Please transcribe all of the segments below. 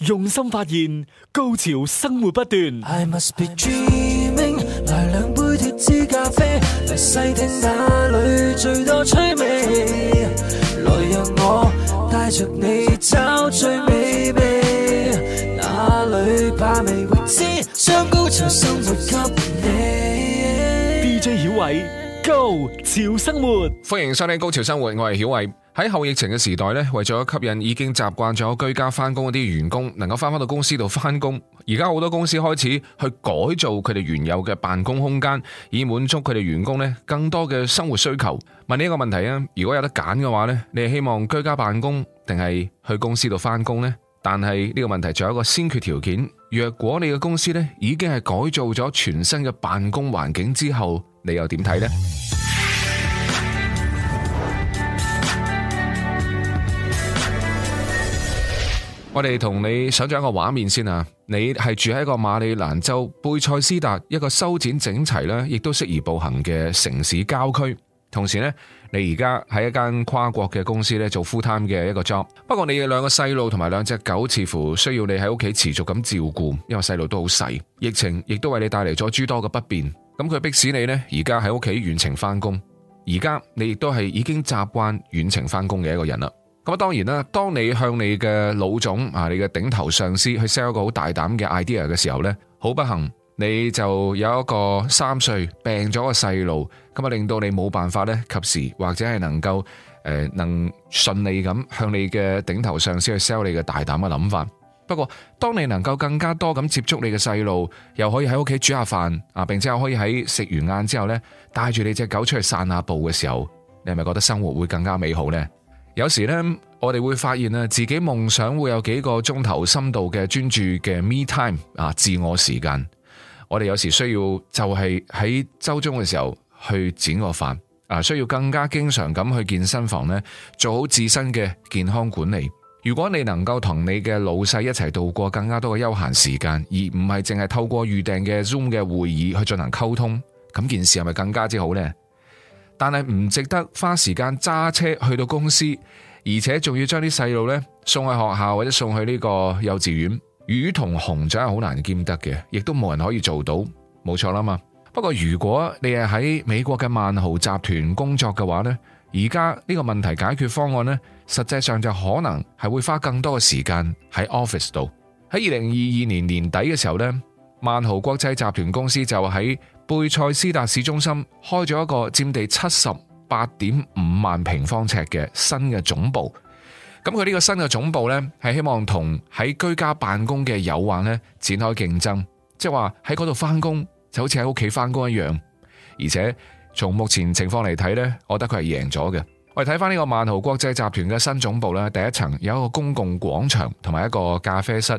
用心發現 Go 潮生活不斷 I must be dreaming 來兩杯脫脂咖啡來細聽哪裏最多趣味來讓我帶着你找最美味哪裏把味會知將 Go 潮生活給你 DJ 曉偉 Go 潮生活，歡迎收聽《Go 潮生活》，我曉，我係曉偉。喺後疫情嘅時代咧，為咗吸引已經習慣咗居家翻工嗰啲員工，能夠翻返到公司度翻工，而家好多公司開始去改造佢哋原有嘅辦公空間，以滿足佢哋員工更多嘅生活需求。問你一個問題啊，如果有得揀嘅話你係希望居家辦公定係去公司度翻工呢？但係呢個問題仲有一個先決條件，若果你嘅公司已經係改造咗全新嘅辦公環境之後。你又點睇呢？ 我哋同你想象一個畫面先啊，你係住喺一個馬里蘭州貝塞斯達一個修剪整齊呢，亦都適宜步行嘅城市郊區。同時呢，你而家喺一間跨國嘅公司呢做 full time 嘅一個 job。不過你嘅兩個細路同埋兩隻狗似乎需要你喺屋企持續咁照顧，因為細路都好細，疫情亦都為你帶嚟咗諸多嘅不便。咁佢逼使你呢，而家喺屋企遠程翻工。而家你亦都係已經習慣遠程翻工嘅一個人啦。咁當然啦，當你向你嘅老總啊，你嘅頂頭上司去 sell 一個好大膽嘅 idea 嘅時候呢，好不幸你就有一個三歲病咗個細路，咁啊令到你冇辦法呢，及時或者係能夠誒、呃、能順利咁向你嘅頂頭上司去 sell 你嘅大膽嘅諗法。不過，當你能夠更加多咁接觸你嘅細路，又可以喺屋企煮下飯啊，並且可以喺食完晏之後咧，帶住你隻狗出去散下步嘅時候，你係咪覺得生活會更加美好呢？有時呢，我哋會發現啊，自己夢想會有幾個鐘頭深度嘅專注嘅 me time 啊，自我時間。我哋有時需要就係喺周中嘅時候去剪個髮啊，需要更加經常咁去健身房呢，做好自身嘅健康管理。如果你能夠同你嘅老細一齊度過更加多嘅休閒時間，而唔係淨係透過預訂嘅 Zoom 嘅會議去進行溝通，咁件事係咪更加之好呢？但係唔值得花時間揸車去到公司，而且仲要將啲細路呢送去學校或者送去呢個幼稚園，魚同熊掌係好難兼得嘅，亦都冇人可以做到，冇錯啦嘛。不過如果你係喺美國嘅萬豪集團工作嘅話呢。而家呢個問題解決方案呢，實際上就可能係會花更多嘅時間喺 office 度。喺二零二二年年底嘅時候呢，萬豪國際集團公司就喺貝塞斯達市中心開咗一個佔地七十八點五萬平方尺嘅新嘅總部。咁佢呢個新嘅總部呢，係希望同喺居家辦公嘅誘惑呢展開競爭，即係話喺嗰度翻工就好似喺屋企翻工一樣，而且。從目前情況嚟睇咧，我覺得佢係贏咗嘅。我哋睇翻呢個萬豪國際集團嘅新總部咧，第一層有一個公共廣場同埋一個咖啡室，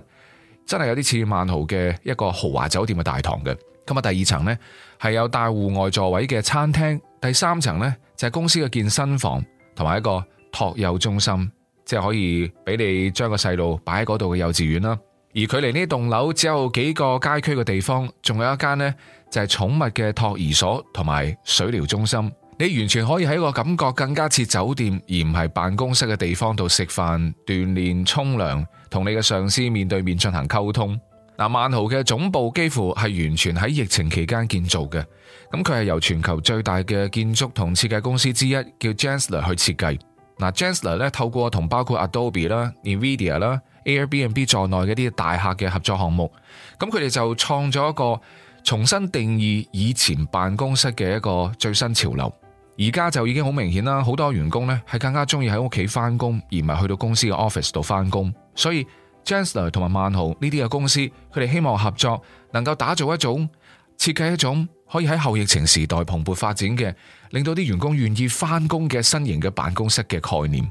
真係有啲似萬豪嘅一個豪華酒店嘅大堂嘅。咁喺第二層呢，係有帶戶外座位嘅餐廳，第三層呢，就係公司嘅健身房同埋一個托幼中心，即係可以俾你將個細路擺喺嗰度嘅幼稚園啦。而距離呢棟樓只有幾個街區嘅地方，仲有一間呢就係寵物嘅托兒所同埋水療中心。你完全可以喺個感覺更加似酒店而唔係辦公室嘅地方度食飯、鍛煉、沖涼，同你嘅上司面對面進行溝通。嗱，萬豪嘅總部幾乎係完全喺疫情期間建造嘅。咁佢係由全球最大嘅建築同設計公司之一叫 Gensler 去設計。嗱，Gensler 透過同包括 Adobe 啦、NVIDIA 啦、Airbnb 在內嘅啲大客嘅合作項目，咁佢哋就創咗一個重新定義以前辦公室嘅一個最新潮流。而家就已經好明顯啦，好多員工咧係更加中意喺屋企翻工，而唔係去到公司嘅 office 度翻工。所以 Jansler 同埋萬豪呢啲嘅公司，佢哋希望合作能夠打造一種設計，一種可以喺後疫情時代蓬勃發展嘅，令到啲員工願意翻工嘅新型嘅辦公室嘅概念。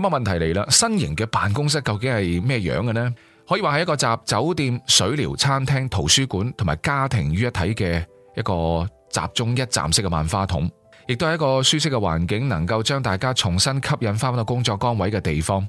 咁啊，問題嚟啦，新型嘅辦公室究竟係咩樣嘅呢？可以話係一個集酒店、水療、餐廳、圖書館同埋家庭於一體嘅一個集中一站式嘅萬花筒，亦都係一個舒適嘅環境，能夠將大家重新吸引翻返到工作崗位嘅地方。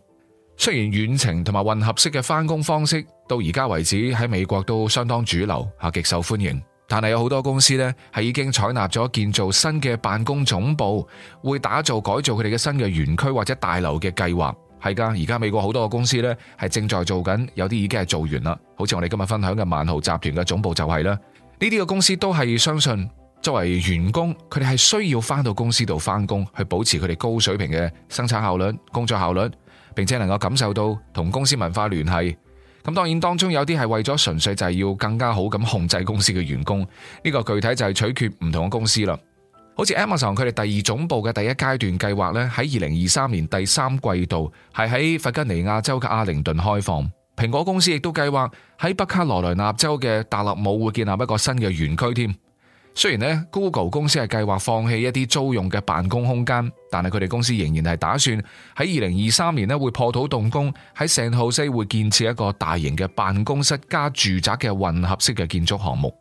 雖然遠程同埋混合式嘅翻工方式，到而家為止喺美國都相當主流嚇，極受歡迎。但係有好多公司咧，係已經採納咗建造新嘅辦公總部，會打造改造佢哋嘅新嘅園區或者大樓嘅計劃，係噶。而家美國好多嘅公司咧，係正在做緊，有啲已經係做完啦。好似我哋今日分享嘅萬豪集團嘅總部就係啦。呢啲嘅公司都係相信，作為員工，佢哋係需要翻到公司度翻工，去保持佢哋高水平嘅生產效率、工作效率，並且能夠感受到同公司文化聯繫。咁當然當中有啲係為咗純粹就係要更加好咁控制公司嘅員工，呢個具體就係取決唔同嘅公司啦。好似 Amazon 佢哋第二總部嘅第一階段計劃呢，喺二零二三年第三季度係喺弗吉尼亞州嘅阿靈頓開放。蘋果公司亦都計劃喺北卡羅來納州嘅達勒姆會建立一個新嘅園區添。雖然 Google 公司係計劃放棄一啲租用嘅辦公空間，但係佢哋公司仍然係打算喺二零二三年咧會破土動工，喺聖荷西會建設一個大型嘅辦公室加住宅嘅混合式嘅建築項目。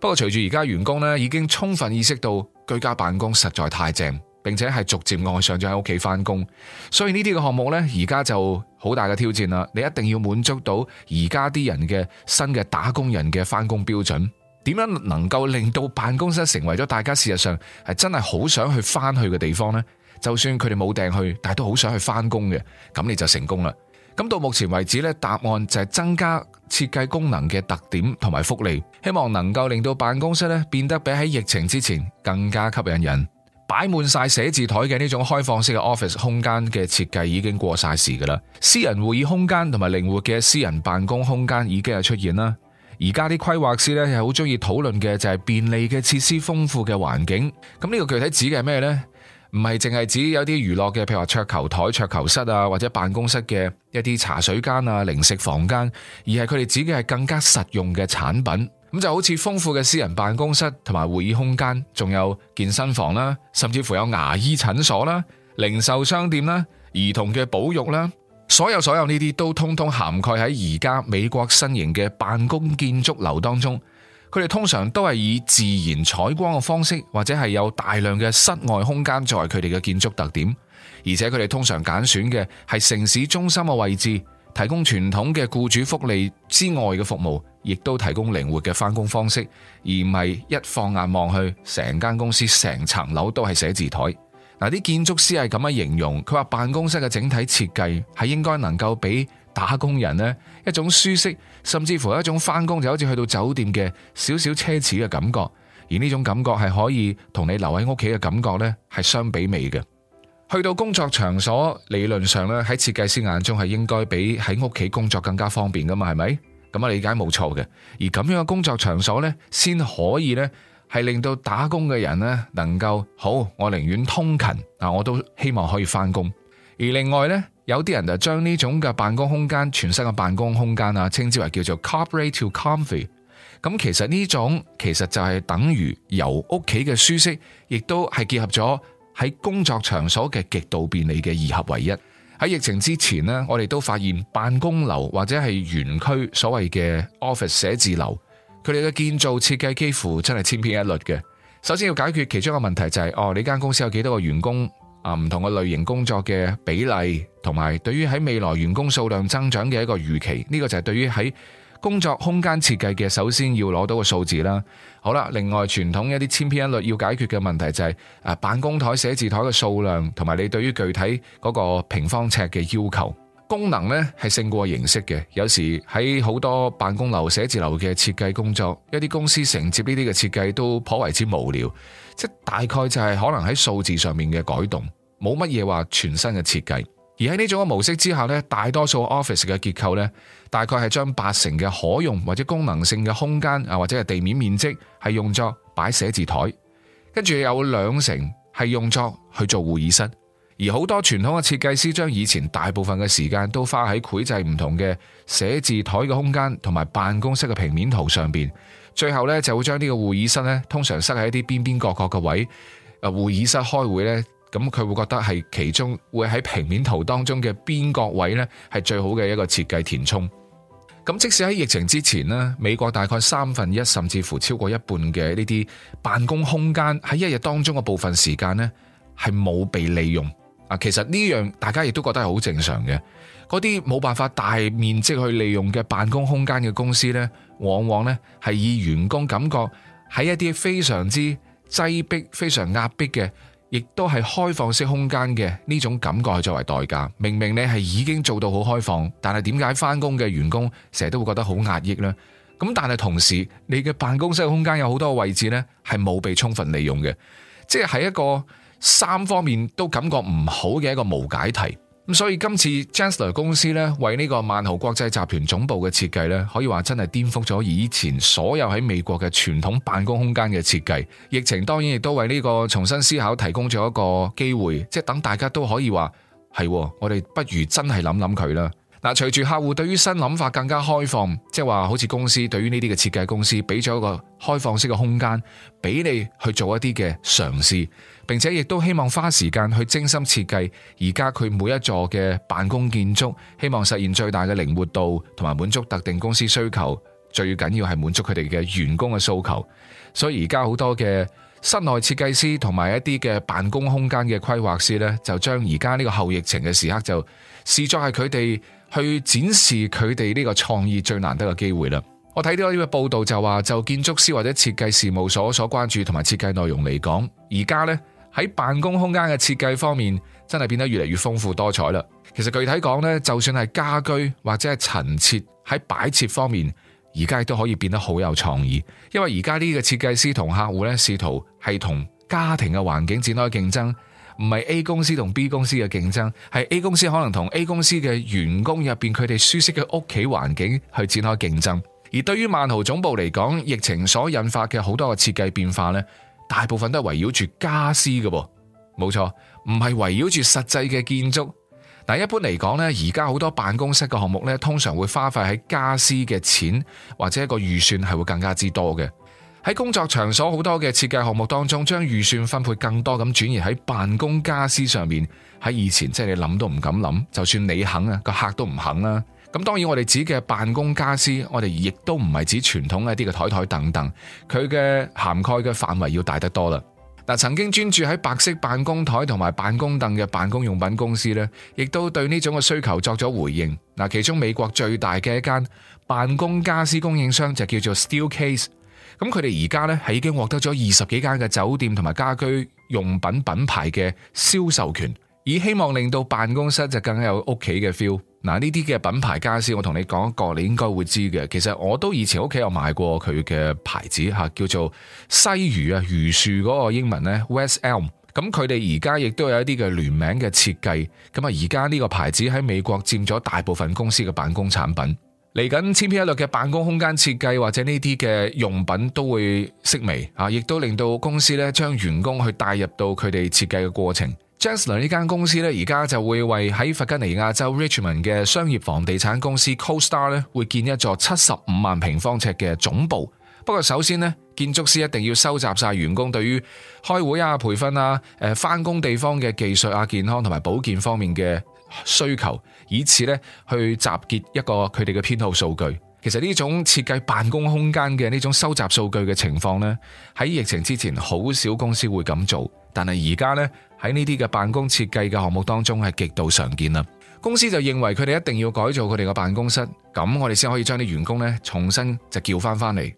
不過，隨住而家員工已經充分意識到居家辦公實在太正，並且係逐漸愛上咗喺屋企翻工，所以呢啲嘅項目呢，而家就好大嘅挑戰啦。你一定要滿足到而家啲人嘅新嘅打工人嘅翻工標準。點樣能夠令到辦公室成為咗大家事實上係真係好想去翻去嘅地方呢？就算佢哋冇訂去，但係都好想去翻工嘅，咁你就成功啦。咁到目前為止咧，答案就係增加設計功能嘅特點同埋福利，希望能夠令到辦公室咧變得比喺疫情之前更加吸引人。擺滿晒寫字台嘅呢種開放式嘅 office 空間嘅設計已經過晒時噶啦，私人會議空間同埋靈活嘅私人辦公空間已經係出現啦。而家啲規劃師咧，又好中意討論嘅就係便利嘅設施、豐富嘅環境。咁呢個具體指嘅係咩呢？唔係淨係指有啲娛樂嘅，譬如話桌球台、桌球室啊，或者辦公室嘅一啲茶水間啊、零食房間，而係佢哋指嘅係更加實用嘅產品。咁就好似豐富嘅私人辦公室同埋會議空間，仲有健身房啦，甚至乎有牙醫診所啦、零售商店啦、兒童嘅保育啦。所有所有呢啲都通通涵蓋喺而家美國新型嘅辦公建築樓當中，佢哋通常都係以自然採光嘅方式，或者係有大量嘅室外空間作為佢哋嘅建築特點，而且佢哋通常揀選嘅係城市中心嘅位置，提供傳統嘅僱主福利之外嘅服務，亦都提供靈活嘅翻工方式，而唔係一放眼望去，成間公司成層樓都係寫字台。嗱，啲建築師係咁樣形容，佢話辦公室嘅整體設計係應該能夠俾打工人呢一種舒適，甚至乎一種翻工就好似去到酒店嘅少少奢侈嘅感覺，而呢種感覺係可以同你留喺屋企嘅感覺呢係相比美嘅。去到工作場所，理論上咧喺設計師眼中係應該比喺屋企工作更加方便噶嘛，係咪？咁啊，理解冇錯嘅，而咁樣嘅工作場所呢，先可以呢。係令到打工嘅人呢能夠好，我寧願通勤啊，我都希望可以翻工。而另外呢，有啲人就將呢種嘅辦公空間，全新嘅辦公空間啊，稱之為叫做 corporate to comfy。咁其實呢種其實就係等於由屋企嘅舒適，亦都係結合咗喺工作場所嘅極度便利嘅二合為一。喺疫情之前呢，我哋都發現辦公樓或者係園區所謂嘅 office 寫字樓。佢哋嘅建造設計幾乎真係千篇一律嘅。首先要解決其中一個問題就係，哦，你間公司有幾多個員工啊？唔同嘅類型工作嘅比例，同埋對於喺未來員工數量增長嘅一個預期，呢個就係對於喺工作空間設計嘅首先要攞到嘅數字啦。好啦，另外傳統一啲千篇一律要解決嘅問題就係，誒，辦公台、寫字台嘅數量，同埋你對於具體嗰個平方尺嘅要求。功能咧係勝過的形式嘅，有時喺好多辦公樓、寫字樓嘅設計工作，一啲公司承接呢啲嘅設計都頗為之無聊，即大概就係可能喺數字上面嘅改動，冇乜嘢話全新嘅設計。而喺呢種嘅模式之下呢，大多數 office 嘅結構呢，大概係將八成嘅可用或者功能性嘅空間啊，或者係地面面積係用作擺寫字台，跟住有兩成係用作去做會議室。而好多傳統嘅設計師將以前大部分嘅時間都花喺繪製唔同嘅寫字台嘅空間同埋辦公室嘅平面圖上邊，最後呢，就會將呢個會議室呢，通常塞喺一啲邊邊角角嘅位，誒會議室開會呢，咁佢會覺得係其中會喺平面圖當中嘅邊角位呢，係最好嘅一個設計填充。咁即使喺疫情之前呢，美國大概三分一甚至乎超過一半嘅呢啲辦公空間喺一日當中嘅部分時間呢，係冇被利用。啊，其實呢樣大家亦都覺得係好正常嘅。嗰啲冇辦法大面積去利用嘅辦公空間嘅公司呢，往往呢係以員工感覺喺一啲非常之擠逼、非常壓迫嘅，亦都係開放式空間嘅呢種感覺去作為代價。明明你係已經做到好開放，但係點解翻工嘅員工成日都會覺得好壓抑呢？咁但係同時，你嘅辦公室空間有好多位置呢，係冇被充分利用嘅，即係喺一個。三方面都感覺唔好嘅一個無解題，咁所以今次 Jansler 公司咧為呢個萬豪國際集團總部嘅設計咧，可以話真係顛覆咗以前所有喺美國嘅傳統辦公空間嘅設計。疫情當然亦都為呢個重新思考提供咗一個機會，即係等大家都可以話係，啊，我哋不如真係諗諗佢啦。嗱，隨住客戶對於新諗法更加開放，即係話好似公司對於呢啲嘅設計公司俾咗一個開放式嘅空間，俾你去做一啲嘅嘗試。並且亦都希望花時間去精心設計，而家佢每一座嘅辦公建築，希望實現最大嘅靈活度，同埋滿足特定公司需求，最緊要係滿足佢哋嘅員工嘅訴求。所以而家好多嘅室內設計師同埋一啲嘅辦公空間嘅規劃師呢，就將而家呢個後疫情嘅時刻就視作係佢哋去展示佢哋呢個創意最難得嘅機會啦。我睇到呢個報道就話，就建築師或者設計事務所所關注同埋設計內容嚟講，而家呢。喺辦公空間嘅設計方面，真係變得越嚟越豐富多彩啦。其實具體講呢，就算係家居或者係陳設喺擺設方面，而家亦都可以變得好有創意。因為而家呢個設計師同客戶呢，試圖係同家庭嘅環境展開競爭，唔係 A 公司同 B 公司嘅競爭，係 A 公司可能同 A 公司嘅員工入邊佢哋舒適嘅屋企環境去展開競爭。而對於萬豪總部嚟講，疫情所引發嘅好多嘅設計變化呢。大部分都係圍繞住家私嘅噃，冇錯，唔係圍繞住實際嘅建築。嗱，一般嚟講呢，而家好多辦公室嘅項目呢，通常會花費喺家私嘅錢或者一個預算係會更加之多嘅。喺工作場所好多嘅設計項目當中，將預算分配更多咁轉移喺辦公家私上面。喺以前，即係你諗都唔敢諗，就算你肯啊，個客都唔肯啦。咁當然，我哋指嘅辦公家私，我哋亦都唔係指傳統一啲嘅台台凳凳，佢嘅涵蓋嘅範圍要大得多啦。嗱，曾經專注喺白色辦公台同埋辦公凳嘅辦公用品公司呢，亦都對呢種嘅需求作咗回應。嗱，其中美國最大嘅一間辦公家私供應商就叫做 Steelcase。咁佢哋而家呢，係已經獲得咗二十幾間嘅酒店同埋家居用品品牌嘅銷售權。以希望令到辦公室就更有屋企嘅 feel。嗱，呢啲嘅品牌家私，我同你講一個，你應該會知嘅。其實我都以前屋企有買過佢嘅牌子吓，叫做西榆啊，榆樹嗰個英文呢「West Elm」。咁佢哋而家亦都有一啲嘅聯名嘅設計。咁啊，而家呢個牌子喺美國佔咗大部分公司嘅辦公產品。嚟緊千篇一律嘅辦公空間設計或者呢啲嘅用品都會式微啊，亦都令到公司呢將員工去帶入到佢哋設計嘅過程。Jensler 呢間公司咧，而家就會為喺弗吉尼亞州 Richmond 嘅商業房地產公司 CoStar 咧，會建一座七十五萬平方尺嘅總部。不過首先呢，建築師一定要收集晒員工對於開會啊、培訓啊、返翻工地方嘅技術啊、健康同埋保健方面嘅需求，以此咧去集結一個佢哋嘅偏好數據。其實呢種設計辦公空間嘅呢種收集數據嘅情況呢，喺疫情之前好少公司會咁做。但係而家呢，喺呢啲嘅辦公設計嘅項目當中係極度常見啦。公司就認為佢哋一定要改造佢哋嘅辦公室，咁我哋先可以將啲員工呢重新就叫翻翻嚟。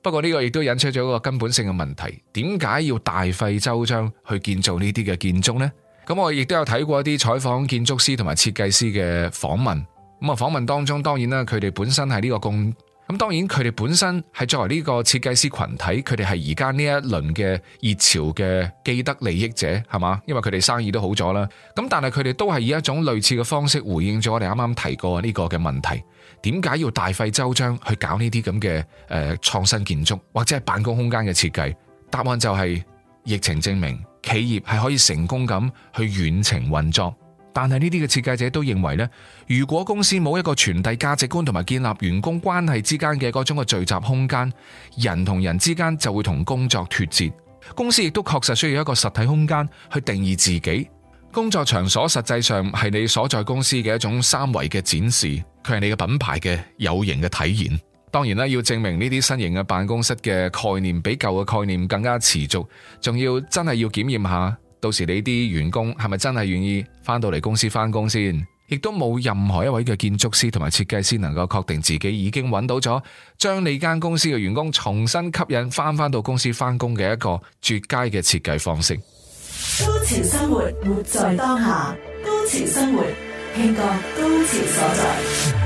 不過呢個亦都引出咗一個根本性嘅問題，點解要大費周章去建造呢啲嘅建築呢？咁我亦都有睇過一啲採訪建築師同埋設計師嘅訪問，咁啊，訪問當中當然啦，佢哋本身係呢個供。咁當然佢哋本身係作為呢個設計師群體，佢哋係而家呢一輪嘅熱潮嘅既得利益者，係嘛？因為佢哋生意都好咗啦。咁但係佢哋都係以一種類似嘅方式回應咗我哋啱啱提過呢個嘅問題，點解要大費周章去搞呢啲咁嘅誒創新建築或者係辦公空間嘅設計？答案就係疫情證明企業係可以成功咁去遠程運作。但係呢啲嘅設計者都認為呢，如果公司冇一個傳遞價值觀同埋建立員工關係之間嘅嗰種嘅聚集空間，人同人之間就會同工作脫節。公司亦都確實需要一個實體空間去定義自己。工作場所實際上係你所在公司嘅一種三維嘅展示，佢係你嘅品牌嘅有形嘅體驗。當然啦，要證明呢啲新型嘅辦公室嘅概念比舊嘅概念更加持續，仲要真係要檢驗下。到時你啲員工係咪真係願意翻到嚟公司翻工先？亦都冇任何一位嘅建築師同埋設計師能夠確定自己已經揾到咗將你間公司嘅員工重新吸引翻翻到公司翻工嘅一個絕佳嘅設計方式。Go 潮生活活在當下，Go 潮生活興國，Go 潮所在。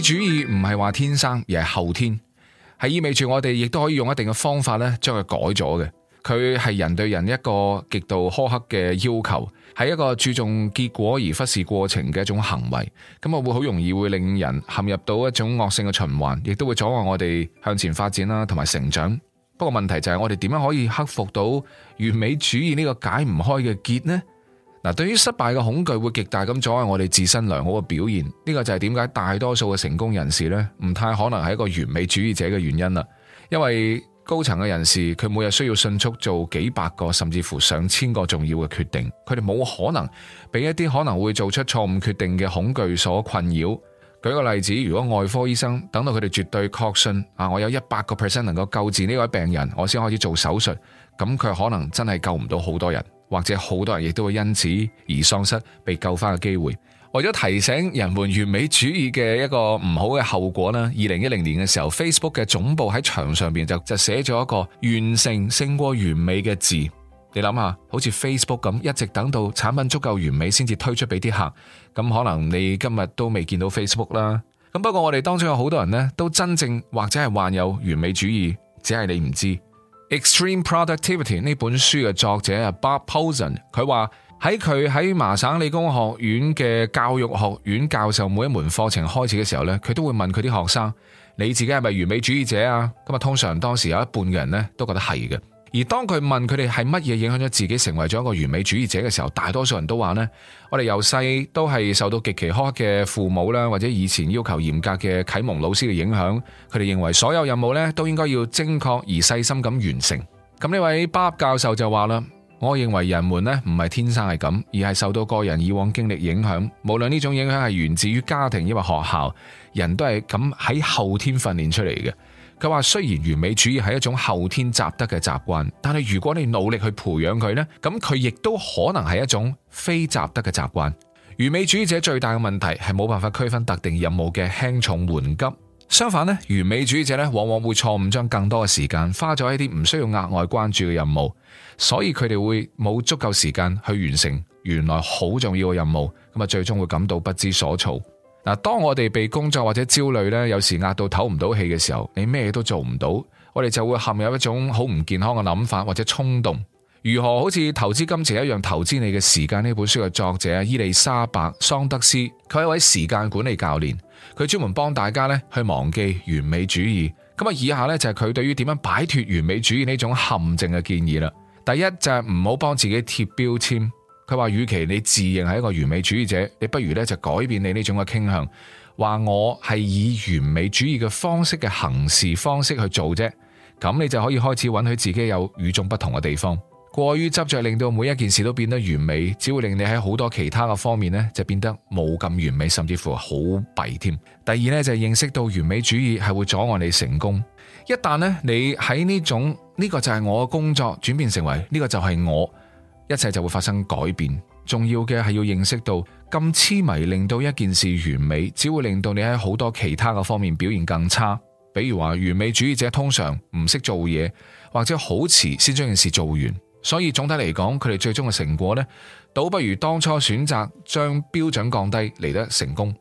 主義唔係話天生，而係後天，係意味住我哋亦都可以用一定嘅方法咧，將佢改咗嘅。佢係人對人一個極度苛刻嘅要求，係一個注重結果而忽視過程嘅一種行為。咁我會好容易會令人陷入到一種惡性嘅循環，亦都會阻礙我哋向前發展啦，同埋成長。不過問題就係我哋點樣可以克服到完美主義呢個解唔開嘅結呢？嗱，對於失敗嘅恐懼會極大咁阻礙我哋自身良好嘅表現，呢個就係點解大多數嘅成功人士呢，唔太可能係一個完美主義者嘅原因啦。因為高層嘅人士佢，每日需要迅速做幾百個甚至乎上千個重要嘅決定，佢哋冇可能俾一啲可能會做出錯誤決定嘅恐懼所困擾。舉個例子，如果外科醫生等到佢哋絕對確信啊，我有一百個 percent 能夠救治呢位病人，我先開始做手術，咁佢可能真係救唔到好多人。或者好多人亦都會因此而喪失被救翻嘅機會。為咗提醒人們完美主義嘅一個唔好嘅後果呢，二零一零年嘅時候，Facebook 嘅總部喺牆上邊就就寫咗一個完成勝過完美嘅字。你諗下，好似 Facebook 咁，一直等到產品足夠完美先至推出俾啲客，咁可能你今日都未見到 Facebook 啦。咁不過我哋當中有好多人呢，都真正或者係患有完美主義，只係你唔知道。《Extreme Productivity》呢本書嘅作者啊，Bob Pozen，佢話喺佢喺麻省理工學院嘅教育學院教授每一門課程開始嘅時候，呢佢都會問佢啲學生，你自己係咪完美主義者啊？咁啊，通常當時有一半嘅人呢都覺得係嘅。而當佢問佢哋係乜嘢影響咗自己成為咗一個完美主義者嘅時候，大多數人都話呢，我哋由細都係受到極其苛刻嘅父母啦，或者以前要求嚴格嘅啟蒙老師嘅影響。佢哋認為所有任務呢都應該要精確而細心咁完成。咁呢位巴教授就話啦，我認為人們呢唔係天生係咁，而係受到個人以往經歷影響。無論呢種影響係源自於家庭，抑或學校，人都係咁喺後天訓練出嚟嘅。佢話雖然完美主義係一種後天習得嘅習慣，但係如果你努力去培養佢呢，咁佢亦都可能係一種非習得嘅習慣。完美主義者最大嘅問題係冇辦法區分特定任務嘅輕重緩急。相反呢，完美主義者往往會錯誤將更多嘅時間花咗喺啲唔需要額外關注嘅任務，所以佢哋會冇足夠時間去完成原來好重要嘅任務，咁啊最終會感到不知所措。當我哋被工作或者焦慮咧，有時壓到唞唔到氣嘅時候，你咩都做唔到，我哋就會陷入一種好唔健康嘅諗法或者衝動。如何好似投資金錢一樣投資你嘅時間？呢本書嘅作者伊麗莎白桑德斯，佢係一位時間管理教練，佢專門幫大家咧去忘記完美主義。咁啊，以下咧就係佢對於點樣擺脫完美主義呢種陷阱嘅建議啦。第一就係唔好幫自己貼標籤。佢話，與其你自認係一個完美主義者，你不如呢就改變你呢種嘅傾向。話我係以完美主義嘅方式嘅行事方式去做啫，咁你就可以開始允許自己有與眾不同嘅地方。過於執着令到每一件事都變得完美，只會令你喺好多其他嘅方面呢就變得冇咁完美，甚至乎好弊添。第二呢，就係認識到完美主義係會阻礙你成功。一旦呢，你喺呢種呢個就係我嘅工作，轉變成為呢個就係我。一切就會發生改變。重要嘅係要認識到，咁痴迷令到一件事完美，只會令到你喺好多其他嘅方面表現更差。比如話，完美主義者通常唔識做嘢，或者好遲先將件事做完。所以總體嚟講，佢哋最終嘅成果呢，倒不如當初選擇將標準降低嚟得成功。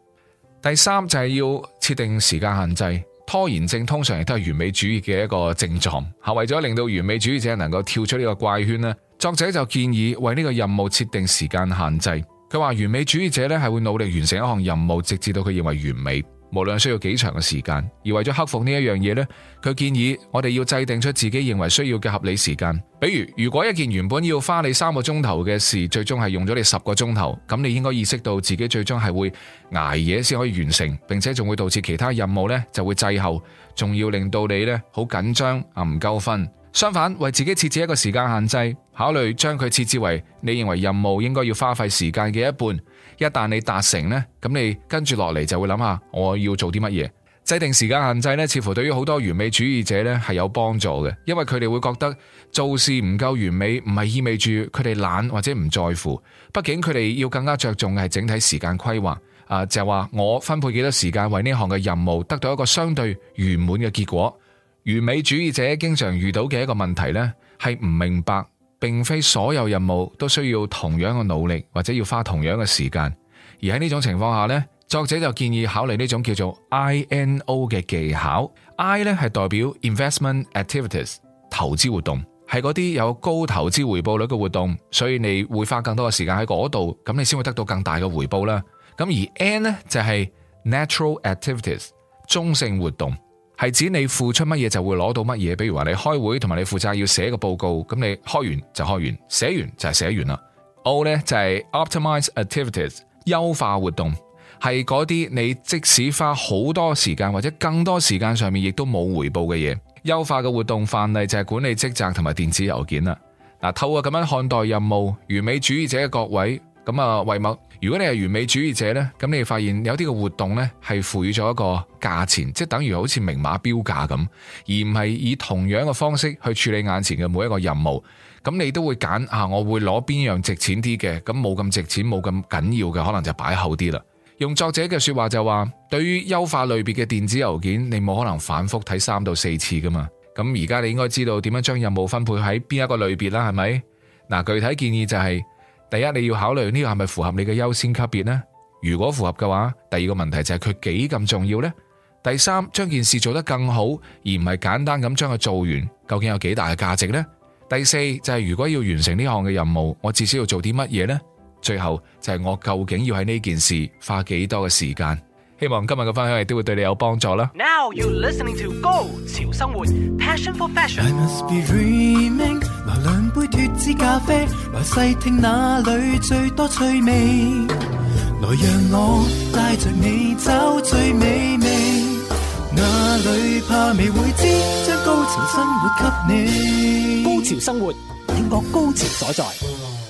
第三就係要設定時間限制。拖延症通常亦都係完美主義嘅一個症狀。係為咗令到完美主義者能夠跳出呢個怪圈呢，作者就建議為呢個任務設定時間限制。佢話完美主義者咧係會努力完成一項任務，直至到佢認為完美，無論需要幾長嘅時間。而為咗克服呢一樣嘢呢，佢建議我哋要制定出自己認為需要嘅合理時間。比如，如果一件原本要花你三個鐘頭嘅事，最終係用咗你十個鐘頭，咁你應該意識到自己最終係會挨夜先可以完成，並且仲會導致其他任務呢就會滯後，仲要令到你呢好緊張啊，唔夠瞓。相反，為自己設置一個時間限制，考慮將佢設置為你認為任務應該要花費時間嘅一半。一旦你達成呢，咁你跟住落嚟，就會諗下我要做啲乜嘢。制定時間限制呢，似乎對於好多完美主義者呢係有幫助嘅，因為佢哋會覺得做事唔夠完美唔係意味住佢哋懶或者唔在乎。畢竟佢哋要更加着重嘅係整體時間規劃。啊，就話我分配幾多時間為呢項嘅任務，得到一個相對完滿嘅結果。完美主義者經常遇到嘅一個問題呢，係唔明白，並非所有任務都需要同樣嘅努力或者要花同樣嘅時間。而喺呢種情況下呢，作者就建議考慮呢種叫做 I N O 嘅技巧。I 呢係代表 investment activities，投資活動，係嗰啲有高投資回報率嘅活動，所以你會花更多嘅時間喺嗰度，咁你先會得到更大嘅回報啦。咁而 N 呢，就係 natural activities，中性活動。係指你付出乜嘢就會攞到乜嘢，比如話你開會同埋你負責要寫個報告，咁你開完就開完，寫完就係寫完啦。O 咧就係 Optimize Activities，優化活動，係嗰啲你即使花好多時間或者更多時間上面亦都冇回報嘅嘢。優化嘅活動範例就係管理職責同埋電子郵件啦。嗱，透過咁樣看待任務，完美主義者嘅各位，咁啊為某。如果你係完美主義者呢，咁你會發現有啲嘅活動呢係賦予咗一個價錢，即等於好似明碼標價咁，而唔係以同樣嘅方式去處理眼前嘅每一個任務。咁你都會揀啊，我會攞邊樣值錢啲嘅，咁冇咁值錢、冇咁緊要嘅，可能就擺後啲啦。用作者嘅說話就話，對於優化類別嘅電子郵件，你冇可能反覆睇三到四次噶嘛。咁而家你應該知道點樣將任務分配喺邊一個類別啦，係咪？嗱，具體建議就係、是。第一，你要考慮呢個係咪符合你嘅優先級別呢？如果符合嘅話，第二個問題就係佢幾咁重要呢？第三，將件事做得更好，而唔係簡單咁將佢做完，究竟有幾大嘅價值呢？第四就係、是、如果要完成呢項嘅任務，我至少要做啲乜嘢呢？最後就係、是、我究竟要喺呢件事花幾多嘅時間？希望今日嘅分享亦都會對你有幫助啦。Now you're listening to Go 潮生活，Passion for fashion。I must be dreaming。來兩杯脫脂咖啡，來細聽哪裏最多趣味。來讓我帶着你找最美味，哪裏怕未會知，將 Go 潮生活給你。Go 潮生活，英國高潮所在。